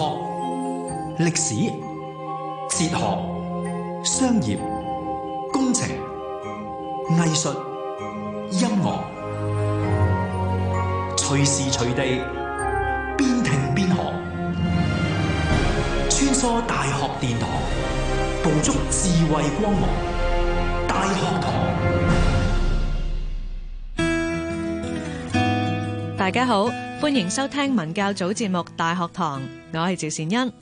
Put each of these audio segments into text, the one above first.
學歷史、哲學、商業、工程、藝術、音樂，隨時隨地，邊聽邊學，穿梭大學殿堂，捕捉智慧光芒。大學堂，大家好，歡迎收聽文教組節目《大學堂》。我係趙善恩，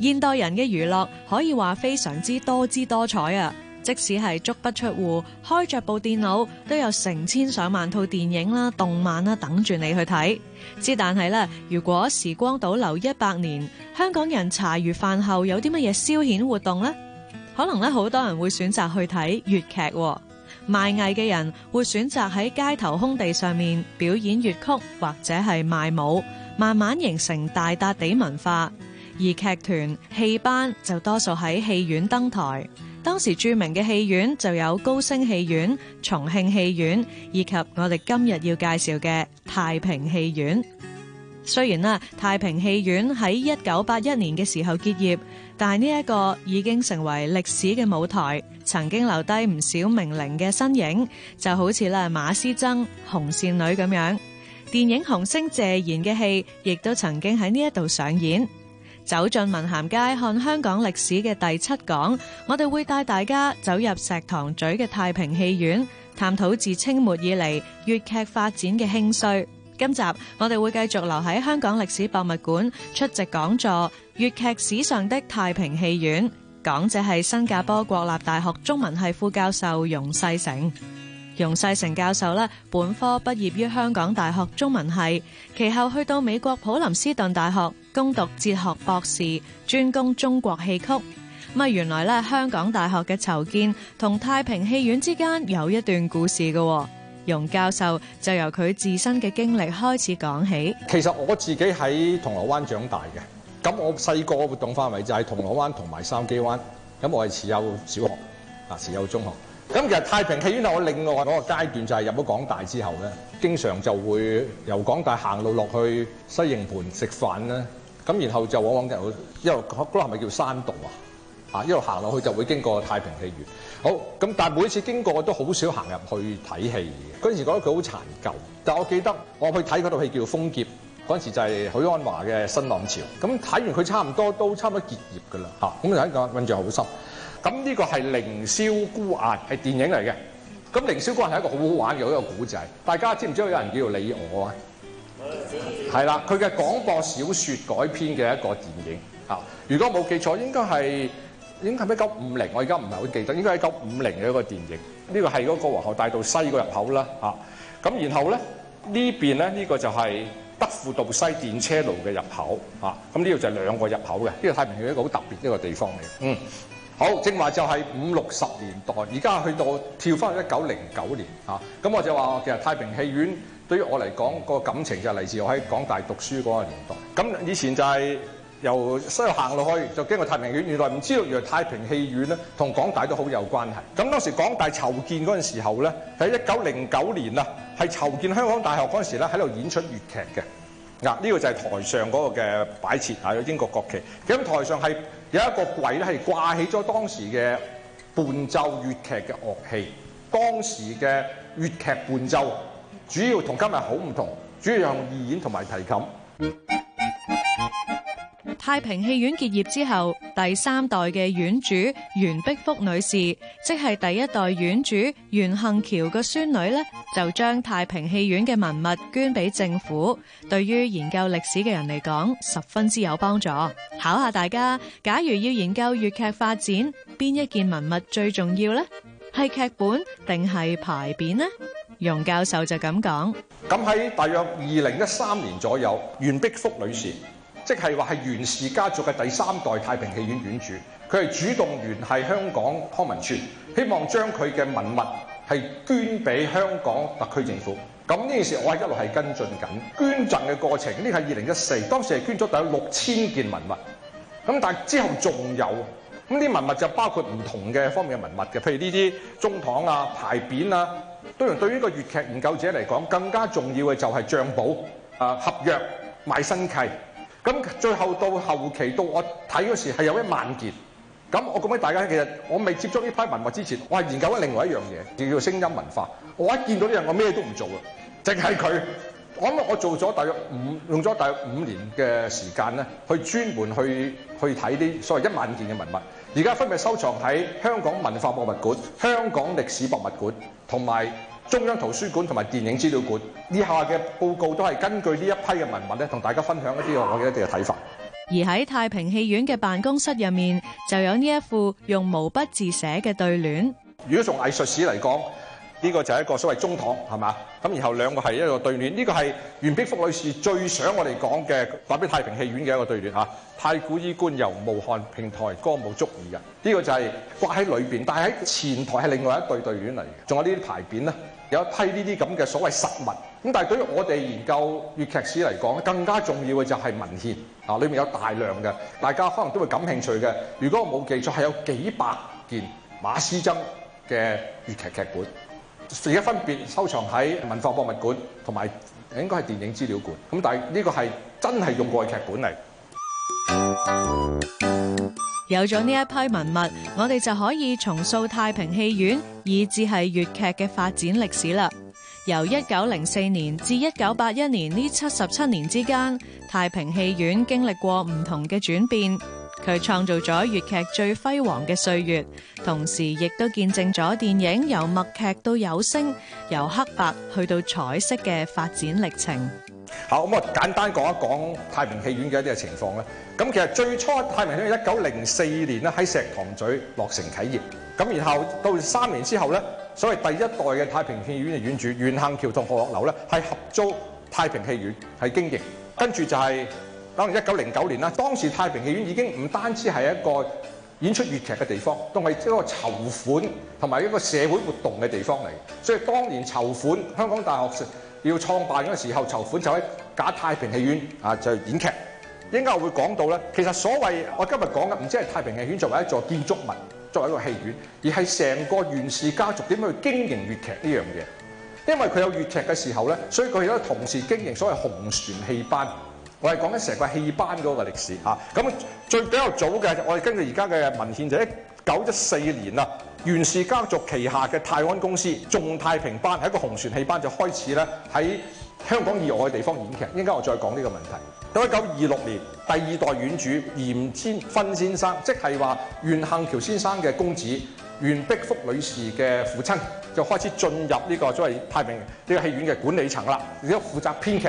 現代人嘅娛樂可以話非常之多姿多彩啊！即使係足不出戶，開着部電腦都有成千上萬套電影啦、動漫啦等住你去睇。之但係咧，如果時光倒流一百年，香港人茶餘飯後有啲乜嘢消遣活動呢？可能咧好多人會選擇去睇粵劇，賣藝嘅人會選擇喺街頭空地上面表演粵曲或者係賣武。慢慢形成大笪地文化，而劇團、戲班就多數喺戲院登台。當時著名嘅戲院就有高升戲院、重慶戲院以及我哋今日要介紹嘅太平戲院。雖然啦，太平戲院喺一九八一年嘅時候結業，但係呢一個已經成為歷史嘅舞台，曾經留低唔少名伶嘅身影，就好似啦馬師曾、紅線女咁樣。電影紅星謝賢嘅戲，亦都曾經喺呢一度上演。走進文咸街看香港歷史嘅第七講，我哋會帶大家走入石塘咀嘅太平戲院，探討自清末以嚟粵劇發展嘅興衰。今集我哋會繼續留喺香港歷史博物館出席講座，《粵劇史上的太平戲院》講者係新加坡國立大學中文系副教授容世成。容世成教授咧，本科畢業於香港大學中文系，其後去到美國普林斯頓大學攻讀哲學博士，專攻中國戲曲。咁啊，原來咧香港大學嘅籌建同太平戲院之間有一段故事嘅。容教授就由佢自身嘅經歷開始講起。其實我自己喺銅鑼灣長大嘅，咁我細個活動範圍就係銅鑼灣同埋筲箕灣，咁我係持有小學啊，持有中學。咁其實太平戲院係我另外嗰個階段，就係入咗港大之後咧，經常就會由港大行路落去西營盤食飯咧。咁然後就往往就一路嗰個係咪叫山道啊？啊，一路行落去就會經過太平戲院。好咁，但係每次經過我都好少行入去睇戲嘅。嗰陣時覺得佢好殘舊，但係我記得我去睇嗰套戲叫做《風劫》，嗰陣時就係許鞍華嘅《新浪潮》。咁睇完佢差唔多都差唔多結業㗎啦。吓，咁就係一個印象好深。咁呢個係凌霄孤雁係電影嚟嘅。咁凌霄孤雁係一個好好玩嘅一個古仔。大家知唔知道有人叫李我？啊？係啦，佢嘅廣播小説改編嘅一個電影，啊、如果冇記錯，應該係應該係咩九五零。我而家唔係好記得，應該係九五零嘅一個電影。呢個係嗰個皇后大道西個入口啦嚇。咁、啊、然後咧呢邊咧呢、呢個就係德輔道西電車路嘅入口嚇。咁呢個就兩個入口嘅。呢個太平橋一個好特別一個地方嚟嘅，嗯。好，正話就係五六十年代，而家去到跳翻去一九零九年嚇，咁、啊、我就話其實太平戲院對於我嚟講、個感情就係嚟自我喺港大讀書嗰個年代。咁以前就係由西行落去就經過太平戲院，原來唔知道原來太平戲院咧同港大都好有關係。咁當時港大籌建嗰陣時候咧，喺一九零九年啊，係籌建香港大學嗰陣時咧喺度演出粵劇嘅。嗱、啊、呢、這個就係台上嗰個嘅擺設，係、啊、有英國國旗，咁台上係。有一個櫃咧，係掛起咗當時嘅伴奏粵劇嘅樂器。當時嘅粵劇伴奏，主要同今日好唔同，主要用二弦同埋提琴。太平戲院結業之後，第三代嘅院主袁碧福女士，即係第一代院主袁杏橋個孫女咧，就將太平戲院嘅文物捐俾政府。對於研究歷史嘅人嚟講，十分之有幫助。考下大家，假如要研究粵劇發展，邊一件文物最重要呢？係劇本定係牌匾呢？容教授就咁講。咁喺大約二零一三年左右，袁碧福女士。即係話係袁氏家族嘅第三代太平戲院院主，佢係主動聯繫香港康文署，希望將佢嘅文物係捐俾香港特區政府。咁呢件事我係一路係跟進緊捐贈嘅過程。呢係二零一四，當時係捐咗大概六千件文物。咁但係之後仲有咁啲文物就包括唔同嘅方面嘅文物嘅，譬如呢啲中堂啊、牌匾啊。當然對於一個粵劇研究者嚟講，更加重要嘅就係帳簿、啊、呃、合約、賣身契。咁最後到後期到我睇嗰時係有一萬件，咁我講俾大家聽，其實我未接觸呢批文物之前，我係研究緊另外一樣嘢，叫聲音文化。我一見到呢樣，我咩都唔做啊，淨係佢。我諗我做咗大約五，用咗大約五年嘅時間咧，去專門去去睇啲所謂一萬件嘅文物。而家分別收藏喺香港文化博物館、香港歷史博物館同埋中央圖書館同埋電影資料館以下嘅報告都係根據呢一批嘅文物咧，同大家分享、這個、一啲我嘅一啲嘅睇法。而喺太平戲院嘅辦公室入面，就有呢一副用毛筆字寫嘅對聯。如果從藝術史嚟講，呢、這個就係一個所謂中堂，係嘛？咁然後兩個係一個對聯，呢、這個係袁碧福女士最想我哋講嘅，講俾太平戲院嘅一個對聯嚇、啊。太古衣冠由武漢，平台歌舞足怡人。呢、這個就係掛喺裏邊，但係喺前台係另外一對對聯嚟嘅。仲有呢啲牌匾咧。有一批呢啲咁嘅所謂實物，咁但係對於我哋研究粵劇史嚟講，更加重要嘅就係文獻啊，裏面有大量嘅，大家可能都會感興趣嘅。如果我冇記錯，係有幾百件馬師曾嘅粵劇劇本，而家分別收藏喺文化博物館同埋應該係電影資料館。咁但係呢個係真係用過嘅劇本嚟。嗯嗯嗯嗯嗯。有咗呢一批文物，我哋就可以重塑太平戲院以至係粵劇嘅發展歷史啦。由一九零四年至一九八一年呢七十七年之間，太平戲院經歷過唔同嘅轉變，佢創造咗粵劇最輝煌嘅歲月，同時亦都見證咗電影由默劇到有聲，由黑白去到彩色嘅發展歷程。好，咁我簡單講一講太平戲院嘅一啲嘅情況咧。咁其實最初太平戲院一九零四年咧喺石塘咀落成啓業，咁然後到三年之後咧，所謂第一代嘅太平戲院嘅院主袁幸橋同何樂樓咧，係合租太平戲院係經營。跟住就係可能一九零九年啦，當時太平戲院已經唔單止係一個演出粵劇嘅地方，都係一個籌款同埋一個社會活動嘅地方嚟。所以當年籌款香港大學。要創辦嘅時候，籌款就喺假太平戲院啊，就演劇。應該我會講到咧，其實所謂我今日講嘅唔止係太平戲院作為一座建築物，作為一個戲院，而係成個袁氏家族點樣去經營粵劇呢樣嘢。因為佢有粵劇嘅時候咧，所以佢亦都同時經營所謂紅船戲班。我係講緊成個戲班嗰個歷史嚇。咁、啊、最比較早嘅，我哋根據而家嘅文獻就一九一四年啦。袁氏家族旗下嘅泰安公司，仲太平班係一個紅船戲班，就開始咧喺香港以外嘅地方演劇。應該我再講呢個問題，咁一九二六年，第二代院主嚴天芬先生，即係話袁幸橋先生嘅公子，袁碧福女士嘅父親就開始進入呢，這個所謂太平呢，這個戲院嘅管理層啦，而且負責編劇。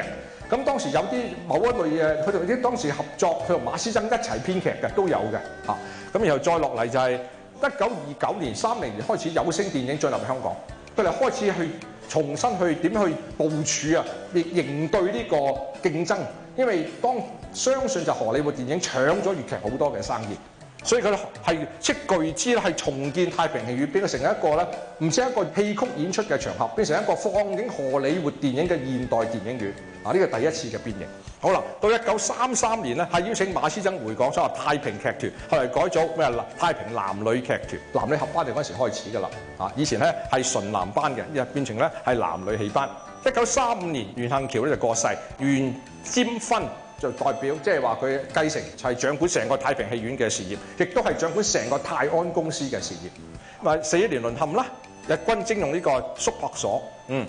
咁當時有啲某一類嘅，佢同啲當時合作，佢同馬師曾一齊編劇嘅都有嘅吓，咁、啊、然後再落嚟就係、是。一九二九年、三零年開始，有聲電影進入香港，佢哋開始去重新去點去部署啊，亦應對呢個競爭，因為當相信就荷里活電影搶咗粵劇好多嘅生意。所以佢係斥巨資咧，係重建太平戲院，變成一個咧，唔止一個戲曲演出嘅場合，變成一個放映荷里活電影嘅現代電影院。啊，呢個第一次嘅變型。好啦，到一九三三年咧，係邀請馬師曾回港，所謂太平劇團，後嚟改咗咩？太平男女劇團，男女合班就嗰陣時候開始嘅啦。啊，以前咧係純男班嘅，依家變成咧係男女戲班。一九三五年，袁行橋呢就過世，袁占芬。就代表即係話，佢、就是、繼承就係掌管成個太平戲院嘅事業，亦都係掌管成個泰安公司嘅事業。咁四一年淪陷啦，日軍徵用呢個宿泊所，嗯。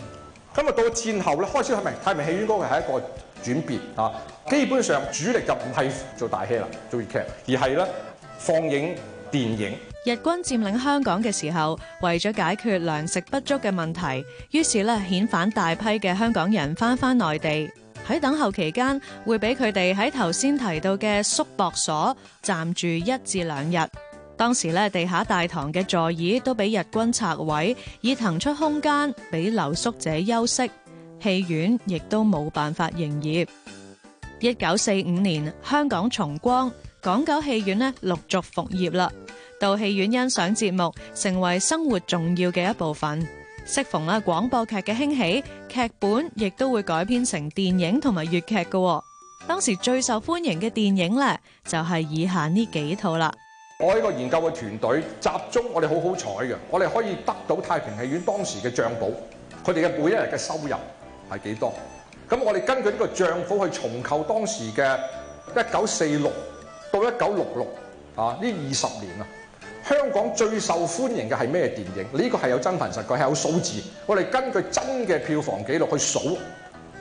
咁啊，到戰後咧，開始睇明太平戲院嗰個係一個轉變啊。基本上主力就唔係做大戲啦，做粵劇，而係咧放映電影。日軍佔領香港嘅時候，為咗解決糧食不足嘅問題，於是咧遣返大批嘅香港人翻返內地。喺等候期間，會俾佢哋喺頭先提到嘅宿泊所暫住一至兩日。當時咧，地下大堂嘅座椅都俾日軍拆毀，以騰出空間俾留宿者休息。戲院亦都冇辦法營業。一九四五年，香港重光，港九戲院呢陸續復業啦。到戲院欣賞節目，成為生活重要嘅一部分。適逢啊廣播劇嘅興起，劇本亦都會改編成電影同埋粵劇噶。當時最受歡迎嘅電影咧，就係以下呢幾套啦。我呢個研究嘅團隊集中，我哋好好彩嘅，我哋可以得到太平戲院當時嘅賬簿，佢哋嘅每一日嘅收入係幾多。咁我哋根據呢個賬簿去重構當時嘅一九四六到一九六六啊呢二十年啊。香港最受歡迎嘅係咩電影？呢、這個係有真憑實據，係有數字。我哋根據真嘅票房記錄去數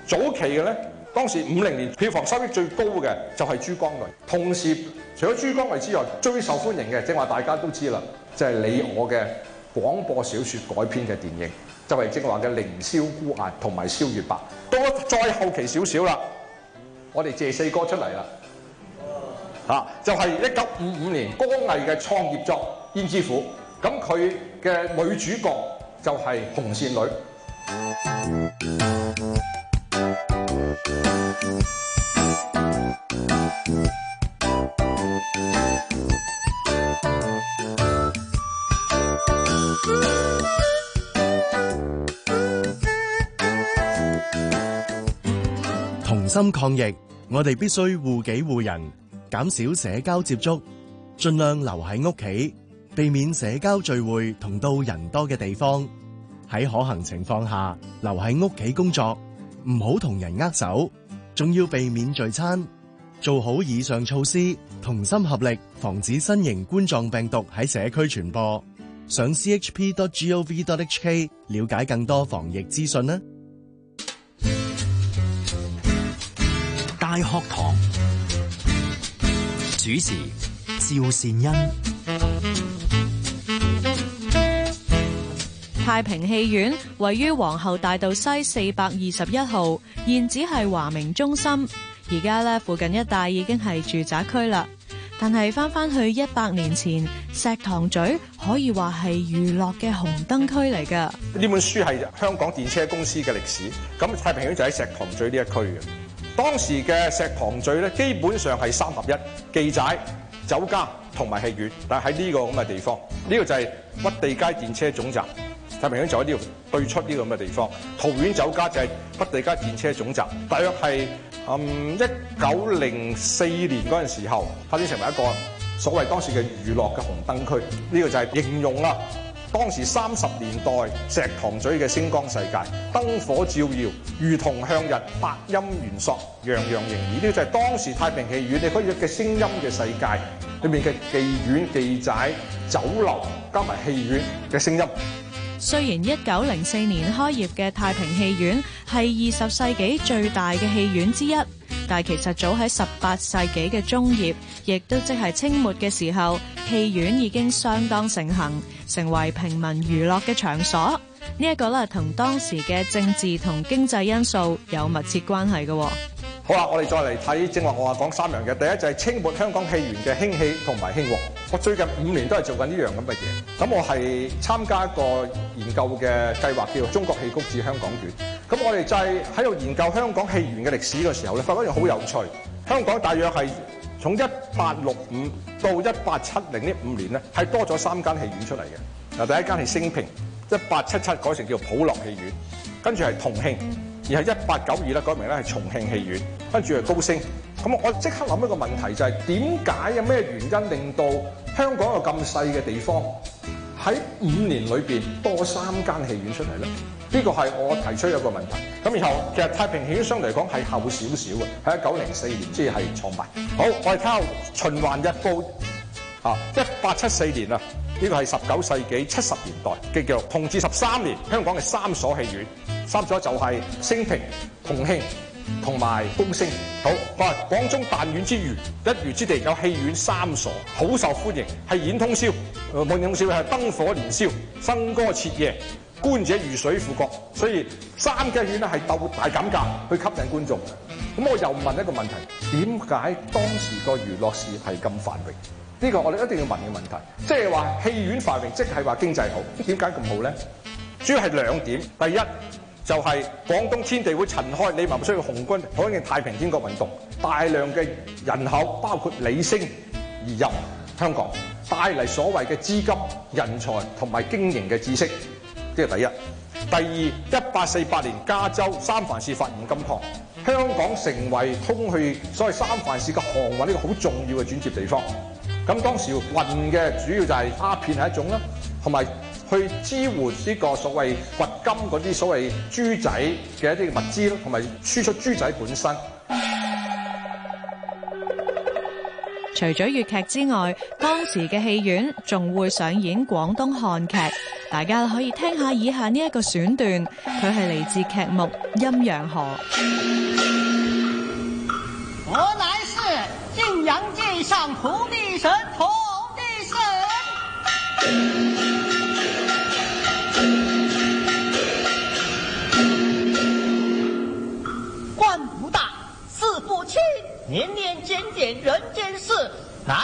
早期嘅咧，當時五零年票房收益最高嘅就係珠江淚。同時除咗珠江淚之外，最受歡迎嘅正話大家都知啦，就係、是、你我嘅廣播小說改編嘅電影，就係正話嘅《凌霄孤雁》同埋《蕭月白》。到再後期少少啦，我哋謝四哥出嚟啦，吓，就係一九五五年光藝嘅創業作。胭脂虎，咁佢嘅女主角就係紅線女。同心抗疫，我哋必須護己護人，減少社交接觸，盡量留喺屋企。避免社交聚會同到人多嘅地方，喺可行情況下留喺屋企工作，唔好同人握手，仲要避免聚餐。做好以上措施，同心合力，防止新型冠狀病毒喺社區傳播。上 c h p g o v dot h kchp.gov.hk 了解更多防疫資訊啦！大學堂主持趙善恩。太平戲院位於皇后大道西四百二十一號，現址係華明中心。而家咧，附近一帶已經係住宅區啦。但係翻翻去一百年前，石塘咀可以話係娛樂嘅紅燈區嚟噶。呢本書係香港電車公司嘅歷史，咁太平戲院就喺石塘咀呢一區嘅。當時嘅石塘咀咧，基本上係三合一，記載酒家同埋戲院，但係喺呢個咁嘅地方，呢個就係屈地街電車總站。太平園就喺呢度對出呢咁嘅地方，桃苑酒家就係北地街電車總站。大約係嗯一九零四年嗰陣時候，發展成為一個所謂當時嘅娛樂嘅紅燈區。呢、這個就係形容啦當時三十年代石塘咀嘅星光世界，燈火照耀，如同向日，八音元索，洋洋盈耳。呢、這個就係當時太平戲院你可以嘅聲音嘅世界裏面嘅妓院、妓仔、酒樓加埋戲院嘅聲音。雖然一九零四年開業嘅太平戲院係二十世紀最大嘅戲院之一，但其實早喺十八世紀嘅中葉，亦都即係清末嘅時候，戲院已經相當盛行，成為平民娛樂嘅場所。這個、呢一個咧同當時嘅政治同經濟因素有密切關係嘅。好啦，我哋再嚟睇正話，我話講三樣嘢，第一就係、是、清末香港戲院嘅興起同埋興旺。我最近五年都係做緊呢樣咁嘅嘢，咁我係參加一個研究嘅計劃，叫《中國戲曲志香港卷》。咁我哋就係喺度研究香港戲院嘅歷史嘅時候咧，發覺一樣好有趣。香港大約係從一八六五到一八七零呢五年咧，係多咗三間戲院出嚟嘅。嗱，第一間係昇平，一八七七改成叫普樂戲院，跟住係同慶，而係一八九二咧改名咧係重慶戲院。跟住係高升，咁我即刻諗一個問題，就是，就係點解有咩原因令到香港有咁細嘅地方喺五年裏邊多三間戲院出嚟咧？呢、這個係我提出一個問題。咁然後其實太平戲院相對嚟講係後少少嘅，喺一九零四年即係創辦。好，我哋睇下《循環日報》啊，一八七四年啊，呢、這個係十九世紀七十年代嘅叫同治十三年，香港嘅三所戲院，三所就係升平、同興。同埋風聲好，話、啊、廣中彈丸之遙，一遙之地有戲院三所，好受歡迎，係演通宵。誒、呃，冇演通宵係燈火連宵，笙歌徹夜，觀者如水赴角，所以三間院咧係鬥大減價去吸引觀眾。咁我又問一個問題：點解當時個娛樂事業係咁繁榮？呢、這個我哋一定要問嘅問題，即係話戲院繁榮，即係話經濟好。點解咁好咧？主要係兩點，第一。就係、是、廣東天地會陳開、李茂嘅紅軍，可能太平天國運動大量嘅人口，包括李星移入香港，帶嚟所謂嘅資金、人才同埋經營嘅知識，呢個第一。第二，一八四八年加州三藩市發現金礦，香港成為通去所謂三藩市嘅航運呢、這個好重要嘅轉接地方。咁當時運嘅主要就係鴉片係一種啦，同埋，去支援呢個所謂掘金啲所謂豬仔嘅一啲物資咯，同埋輸出豬仔本身。除咗粵劇之外，當時嘅戲院仲會上演廣東漢劇，大家可以聽下以下呢一個選段，佢係嚟自劇目《陰陽河》。我乃是晉陽界上土地神。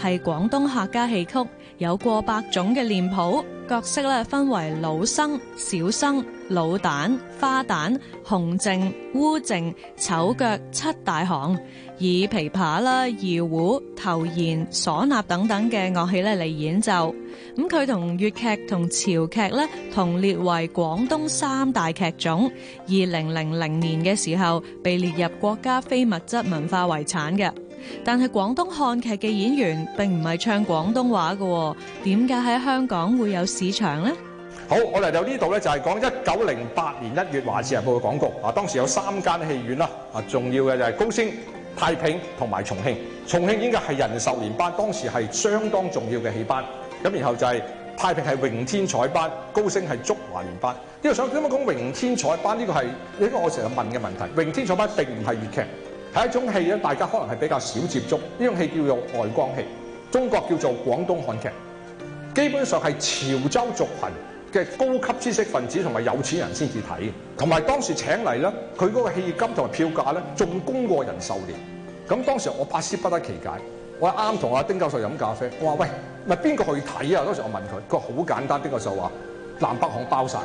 係廣東客家戲曲，有過百種嘅臉譜，角色咧分為老生、小生、老旦、花旦、紅淨、烏淨、丑腳七大行，以琵琶啦、二胡、頭弦、嗩吶等等嘅樂器咧嚟演奏。咁佢同粵劇同潮劇咧同列為廣東三大劇種。二零零零年嘅時候被列入國家非物質文化遺產嘅。但係廣東漢劇嘅演員並唔係唱廣東話嘅，點解喺香港會有市場呢？好，我嚟到呢度咧，就係講一九零八年一月《華字日報》嘅廣告。啊，當時有三間戲院啦。啊，重要嘅就係高升、太平同埋重慶。重慶應該係人壽年班，當時係相當重要嘅戲班。咁然後就係、是、太平係榮天彩班，高升係竹華年班。呢個想點樣講？榮天彩班呢、這個係呢、這個我成日問嘅問題。榮天彩班並定唔係粵劇。係一種戲咧，大家可能係比較少接觸呢種戲，叫做外江戲，中國叫做廣東漢劇，基本上係潮州族群嘅高級知識分子同埋有錢人先至睇。同埋當時請嚟咧，佢嗰個戲金同埋票價咧，仲高過人壽年。咁當時我百思不得其解，我啱啱同阿丁教授飲咖啡，我話喂，唔係邊個去睇啊？當時我問佢，佢好簡單，丁教授話南北行包晒。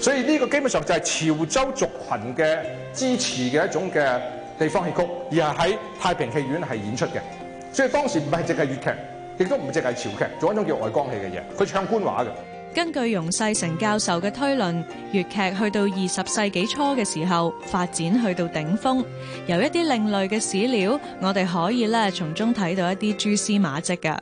所以呢個基本上就係潮州族群嘅支持嘅一種嘅地方戲曲，而係喺太平戲院係演出嘅，所以當時唔係淨係粵劇，亦都唔淨係潮劇，做一種叫外江戲嘅嘢，佢唱官話嘅。根據容世成教授嘅推論，粵劇去到二十世紀初嘅時候發展去到頂峰，由一啲另類嘅史料，我哋可以咧從中睇到一啲蛛絲馬跡嘅。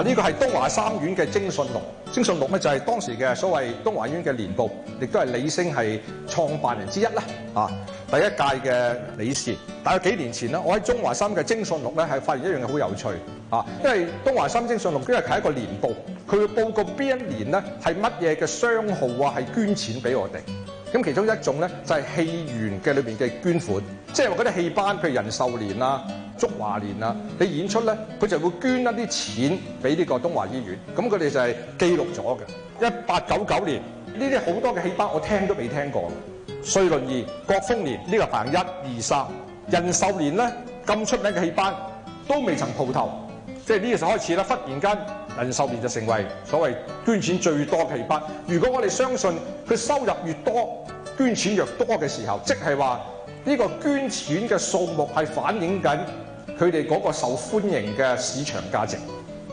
呢、啊這個係東華三院嘅《徵信錄》，《徵信錄》咧就係當時嘅所謂東華院嘅年報，亦都係李陞係創辦人之一啦。啊，第一屆嘅理事。大概幾年前啦，我喺東華三嘅《徵信錄》咧，係發現一樣嘢好有趣。啊，因為東華三《徵信錄》，因為係一個年報，佢會報告邊一年咧係乜嘢嘅商號啊，係捐錢俾我哋。咁其中一種咧就係、是、戲院嘅裏面嘅捐款，即係話嗰啲戲班，譬如人壽年啊、祝華年啊，你演出咧，佢就會捐一啲錢俾呢個東華醫院，咁佢哋就係記錄咗嘅。一八九九年呢啲好多嘅戲班，我聽都未聽過。瑞麟二：國豐年呢個排一二三人壽年咧咁出名嘅戲班都未曾蒲頭，即係呢個時候開始啦，忽然間。人壽年就成為所謂捐錢最多嘅戲班。如果我哋相信佢收入越多，捐錢越多嘅時候，即係話呢個捐錢嘅數目係反映緊佢哋嗰個受歡迎嘅市場價值。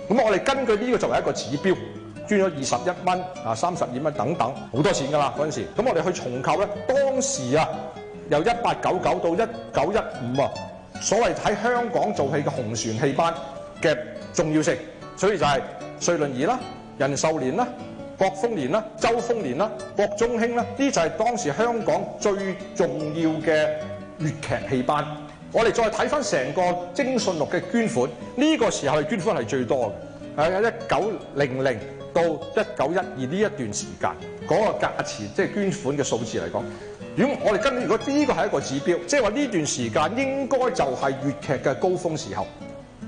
咁我哋根據呢個作為一個指標，捐咗二十一蚊啊、三十二蚊等等，好多錢㗎啦嗰陣時。咁我哋去重構咧，當時啊，由一八九九到一九一五啊，所謂喺香港做戲嘅紅船戲班嘅重要性。所以就係《瑞麟儀》啦，《人壽年》啦，《國豐年》啦，《周豐年》啦，《國中興》啦，呢就係當時香港最重要嘅粵劇戲班。我哋再睇翻成個《徵信錄》嘅捐款，呢、這個時候嘅捐款係最多嘅。喺一九零零到一九一二呢一段時間，嗰、那個價錢即係、就是、捐款嘅數字嚟講，如果我哋跟，如果呢個係一個指標，即係話呢段時間應該就係粵劇嘅高峰時候。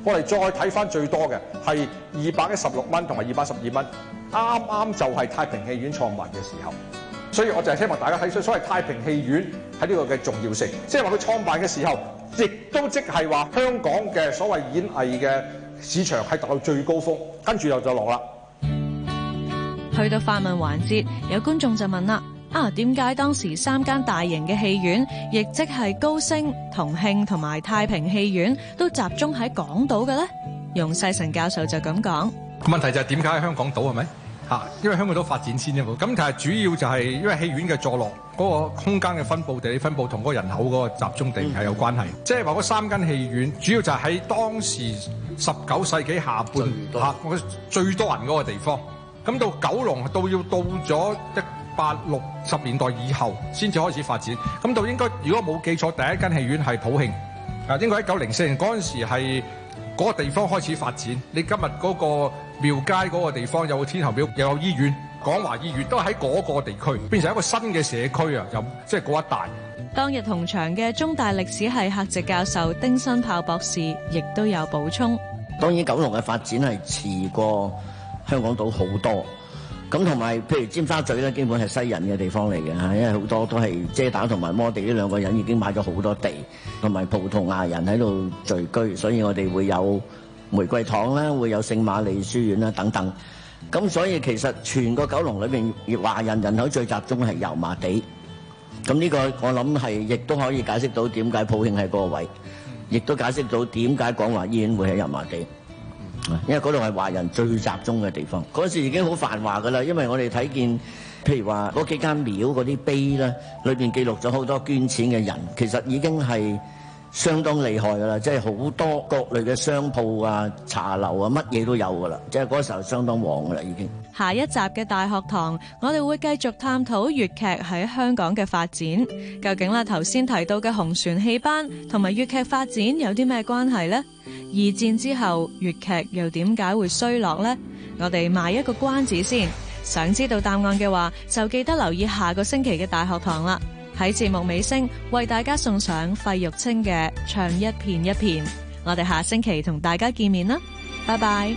我哋再睇翻最多嘅係二百一十六蚊同埋二百十二蚊，啱啱就係太平戲院創辦嘅時候，所以我就希望大家睇出所謂太平戲院喺呢個嘅重要性，即係話佢創辦嘅時候，亦都即係話香港嘅所謂演藝嘅市場係達到最高峰，跟住又就落啦。去到發問環節，有觀眾就問啦。啊，點解當時三間大型嘅戲院，亦即係高升、同慶同埋太平戲院，都集中喺港島嘅咧？容世誠教授就咁講。問題就係點解喺香港島係咪？啊，因為香港島發展先啫嘛。咁但係主要就係因為戲院嘅坐落，嗰個空間嘅分佈、地理分佈同嗰個人口嗰個集中地係有關係。即係話嗰三間戲院，主要就係喺當時十九世紀下半吓，我最多人嗰個地方。咁到九龍到要到咗一。八六十年代以後先至開始發展，咁到應該如果冇記錯，第一間戲院係普慶，啊應該喺九零四年嗰陣時係嗰個地方開始發展。你今日嗰個廟街嗰個地方又有天后廟，又有醫院，廣華醫院都喺嗰個地區變成一個新嘅社區啊！又即係嗰一帶，當日同場嘅中大歷史系客席教授丁新豹博士亦都有補充。當然九龍嘅發展係遲過香港島好多。咁同埋，譬如尖沙咀咧，基本係西人嘅地方嚟嘅嚇，因為好多都係遮打同埋摩地呢兩個人已經買咗好多地，同埋葡萄牙人喺度聚居，所以我哋會有玫瑰堂啦，會有聖瑪利書院啦等等。咁所以其實全個九龍裏邊華人人口最集中係油麻地。咁呢個我諗係亦都可以解釋到點解普慶係個位，亦都解釋到點解廣華醫院會喺油麻地。因為嗰度係華人最集中嘅地方，嗰時已經好繁華噶啦。因為我哋睇見，譬如話嗰幾間廟嗰啲碑咧，裏邊記錄咗好多捐錢嘅人，其實已經係相當厲害噶啦。即係好多各類嘅商鋪啊、茶樓啊，乜嘢都有噶啦。即係嗰時候相當旺噶啦，已經。下一集嘅大學堂，我哋會繼續探討粵劇喺香港嘅發展。究竟啦，頭先提到嘅紅船戲班同埋粵劇發展有啲咩關係呢？二戰之後粵劇又點解會衰落呢？我哋賣一個關子先，想知道答案嘅話就記得留意下個星期嘅大學堂啦。喺節目尾聲為大家送上費玉清嘅唱一片一片，我哋下星期同大家見面啦，拜拜。